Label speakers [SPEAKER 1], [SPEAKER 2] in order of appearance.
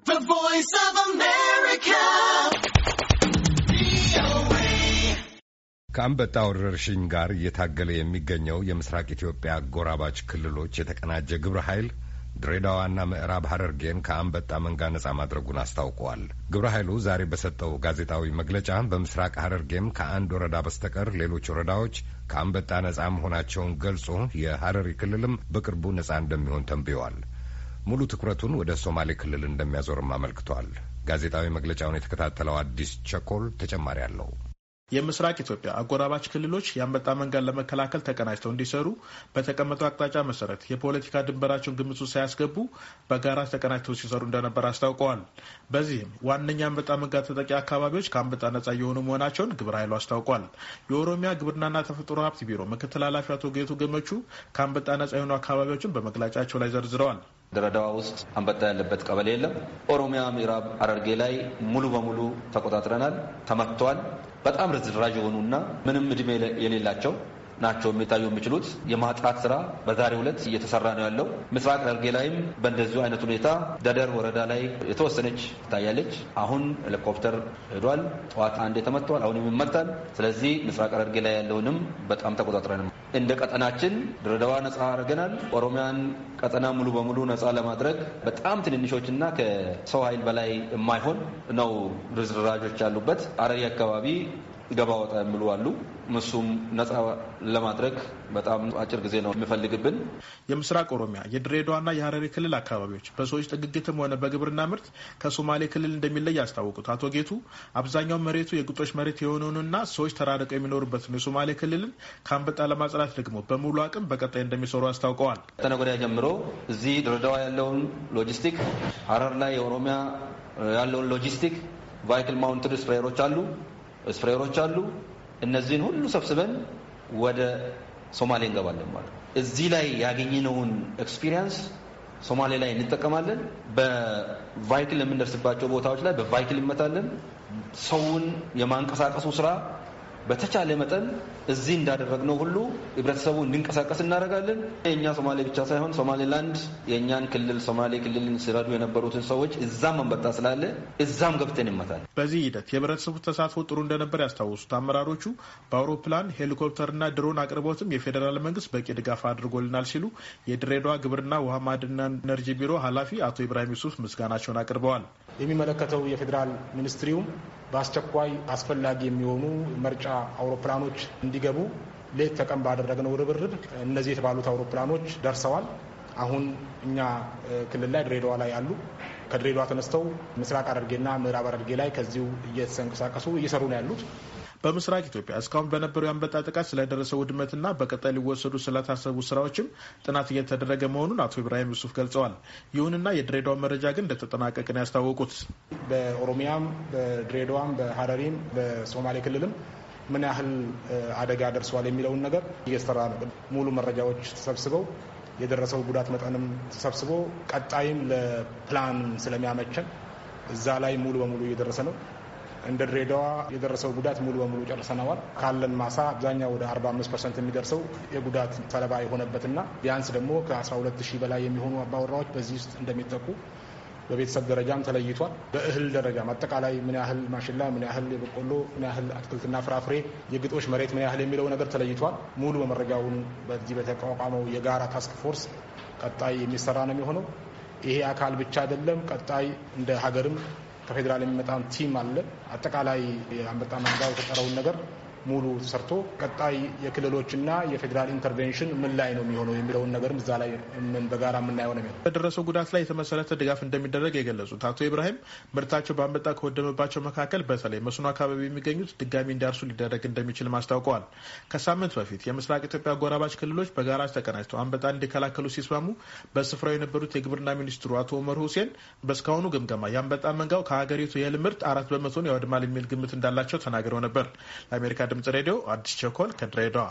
[SPEAKER 1] The Voice of America.
[SPEAKER 2] ከአንበጣ ወረርሽኝ ጋር እየታገለ የሚገኘው የምስራቅ ኢትዮጵያ አጎራባች ክልሎች የተቀናጀ ግብረ ኃይል ድሬዳዋና ምዕራብ ሐረርጌን ከአንበጣ መንጋ ነጻ ማድረጉን አስታውቀዋል። ግብረ ኃይሉ ዛሬ በሰጠው ጋዜጣዊ መግለጫ በምስራቅ ሐረርጌም ከአንድ ወረዳ በስተቀር ሌሎች ወረዳዎች ከአንበጣ ነጻ መሆናቸውን ገልጾ የሐረሪ ክልልም በቅርቡ ነጻ እንደሚሆን ተንብየዋል። ሙሉ ትኩረቱን ወደ ሶማሌ ክልል እንደሚያዞርም አመልክቷል። ጋዜጣዊ መግለጫውን የተከታተለው አዲስ ቸኮል ተጨማሪ አለው።
[SPEAKER 3] የምስራቅ ኢትዮጵያ አጎራባች ክልሎች የአንበጣ መንጋን ለመከላከል ተቀናጅተው እንዲሰሩ በተቀመጠው አቅጣጫ መሰረት የፖለቲካ ድንበራቸውን ግምት ውስጥ ሳያስገቡ በጋራ ተቀናጅተው ሲሰሩ እንደነበር አስታውቀዋል። በዚህም ዋነኛ አንበጣ መንጋ ተጠቂ አካባቢዎች ከአንበጣ ነጻ የሆኑ መሆናቸውን ግብረ ኃይሉ አስታውቋል። የኦሮሚያ ግብርናና ተፈጥሮ ሀብት ቢሮ ምክትል ኃላፊ አቶ ጌቱ ገመቹ ከአንበጣ ነጻ የሆኑ አካባቢዎችን በመግለጫቸው ላይ ዘርዝረዋል።
[SPEAKER 1] ድረዳዋ ውስጥ አንበጣ ያለበት ቀበሌ የለም። ኦሮሚያ ምዕራብ አረርጌ ላይ ሙሉ በሙሉ ተቆጣጥረናል። ተመጥተዋል። በጣም ርዝራዥ የሆኑና ምንም እድሜ የሌላቸው ናቸው የሚታዩ የሚችሉት። የማጥራት ስራ በዛሬው ዕለት እየተሰራ ነው ያለው። ምስራቅ ሐረርጌ ላይም በእንደዚሁ አይነት ሁኔታ ደደር ወረዳ ላይ የተወሰነች ትታያለች። አሁን ሄሊኮፕተር ሄዷል። ጠዋት አንድ ተመትተዋል። አሁን ይመታል። ስለዚህ ምስራቅ ሐረርጌ ላይ ያለውንም በጣም ተቆጣጥረን እንደ ቀጠናችን ድሬዳዋ ነጻ አድርገናል። ኦሮሚያን ቀጠና ሙሉ በሙሉ ነጻ ለማድረግ በጣም ትንንሾችና ከሰው ኃይል በላይ የማይሆን ነው ርዝራዦች ያሉበት። አረሪ አካባቢ ገባ ወጣ የሚሉ አሉ። እሱም ነጻ ለማድረግ በጣም አጭር ጊዜ ነው የሚፈልግብን።
[SPEAKER 3] የምስራቅ ኦሮሚያ የድሬዳዋና የሀረሪ ክልል አካባቢዎች በሰዎች ጥግግትም ሆነ በግብርና ምርት ከሶማሌ ክልል እንደሚለይ ያስታወቁት አቶ ጌቱ አብዛኛው መሬቱ የግጦሽ መሬት የሆነውንና ሰዎች ተራርቀው የሚኖሩበትን የሶማሌ ክልልን ከአንበጣ ለማጽዳት ደግሞ በሙሉ አቅም በቀጣይ እንደሚሰሩ
[SPEAKER 1] አስታውቀዋል። ተነጎዳ ጀምሮ እዚህ ድሬዳዋ ያለውን ሎጂስቲክ፣ ሀረር ላይ የኦሮሚያ ያለውን ሎጂስቲክ ቫይክል ማውንትድ ስፕሬሮች አሉ ስፕሬየሮች አሉ። እነዚህን ሁሉ ሰብስበን ወደ ሶማሌ እንገባለን ማለት ነው። እዚህ ላይ ያገኘነውን ኤክስፒሪየንስ ሶማሌ ላይ እንጠቀማለን። በቫይክል የምንደርስባቸው ቦታዎች ላይ በቫይክል እንመታለን። ሰውን የማንቀሳቀሱ ስራ በተቻለ መጠን እዚህ እንዳደረግነው ሁሉ ህብረተሰቡ እንዲንቀሳቀስ እናደርጋለን። የእኛ ሶማሌ ብቻ ሳይሆን ሶማሌላንድ የእኛን ክልል ሶማሌ ክልልን ሲረዱ የነበሩትን ሰዎች እዛም አንበጣ ስላለ እዛም ገብተን ይመታል። በዚህ ሂደት የህብረተሰቡ ተሳትፎ ጥሩ እንደነበር ያስታወሱት
[SPEAKER 3] አመራሮቹ በአውሮፕላን ሄሊኮፕተርና ድሮን አቅርቦትም የፌዴራል መንግስት በቂ ድጋፍ አድርጎልናል ሲሉ የድሬዳዋ ግብርና ውሃ ማዕድንና ኢነርጂ ቢሮ ኃላፊ አቶ ኢብራሂም ዩሱፍ ምስጋናቸውን አቅርበዋል። የሚመለከተው የፌዴራል ሚኒስትሪውም በአስቸኳይ አስፈላጊ የሚሆኑ
[SPEAKER 4] መርጫ አውሮፕላኖች እንዲገቡ ሌት ተቀን ባደረግነው ርብርብ እነዚህ የተባሉት አውሮፕላኖች ደርሰዋል። አሁን እኛ ክልል ላይ ድሬዳዋ ላይ ያሉ ከድሬዳዋ ተነስተው
[SPEAKER 3] ምስራቅ ሐረርጌና ምዕራብ አደርጌ ላይ ከዚሁ እየተንቀሳቀሱ እየሰሩ ነው ያሉት። በምስራቅ ኢትዮጵያ እስካሁን በነበረው የአንበጣ ጥቃት ስለደረሰ ውድመትና በቀጣይ ሊወሰዱ ስለታሰቡ ስራዎችም ጥናት እየተደረገ መሆኑን አቶ ኢብራሂም ዩሱፍ ገልጸዋል። ይሁንና የድሬዳዋ መረጃ ግን እንደተጠናቀቅን ያስታወቁት።
[SPEAKER 4] በኦሮሚያም፣ በድሬዳዋም፣ በሀረሪም በሶማሌ ክልልም ምን ያህል አደጋ ደርሰዋል የሚለውን ነገር እየሰራ ነው። ሙሉ መረጃዎች ተሰብስበው የደረሰው ጉዳት መጠንም ተሰብስቦ ቀጣይም ለፕላን ስለሚያመቸን እዛ ላይ ሙሉ በሙሉ እየደረሰ ነው። እንደ ድሬዳዋ የደረሰው ጉዳት ሙሉ በሙሉ ጨርሰነዋል። ካለን ማሳ አብዛኛው ወደ 45 ፐርሰንት የሚደርሰው የጉዳት ሰለባ የሆነበትና ቢያንስ ደግሞ ከ12 ሺህ በላይ የሚሆኑ አባወራዎች በዚህ ውስጥ እንደሚጠቁ በቤተሰብ ደረጃም ተለይቷል። በእህል ደረጃም አጠቃላይ ምን ያህል ማሽላ፣ ምን ያህል የበቆሎ፣ ምን ያህል አትክልትና ፍራፍሬ፣ የግጦሽ መሬት ምን ያህል የሚለው ነገር ተለይቷል። ሙሉ በመረጃውን በዚህ በተቋቋመው የጋራ ታስክ ፎርስ ቀጣይ የሚሰራ ነው የሚሆነው። ይሄ አካል ብቻ አይደለም። ቀጣይ እንደ ሀገርም ከፌዴራል የሚመጣን ቲም አለ። አጠቃላይ የአንበጣ መንጋ የተጠረውን ነገር ሙሉ ተሰርቶ ቀጣይ የክልሎችና የፌዴራል ኢንተርቬንሽን ምን ላይ ነው የሚሆነው የሚለውን ነገርም እዛ ላይ በጋራ የምናየው ነው የሚሆነው።
[SPEAKER 3] በደረሰው ጉዳት ላይ የተመሰረተ ድጋፍ እንደሚደረግ የገለጹት አቶ ኢብራሂም ምርታቸው በአንበጣ ከወደመባቸው መካከል በተለይ መስኖ አካባቢ የሚገኙት ድጋሚ እንዲያርሱ ሊደረግ እንደሚችልም አስታውቀዋል። ከሳምንት በፊት የምስራቅ ኢትዮጵያ አጎራባች ክልሎች በጋራ ተቀናጅተው አንበጣ እንዲከላከሉ ሲስማሙ በስፍራው የነበሩት የግብርና ሚኒስትሩ አቶ ኦመር ሁሴን በእስካሁኑ ግምገማ የአንበጣ መንጋው ከሀገሪቱ የእህል ምርት አራት በመቶን ያወድማል የሚል ግምት እንዳላቸው ተናግረው ነበር። ለአሜሪካ ድምጽ ሬዲዮ አዲስ ቸኮል ከድሬዳዋ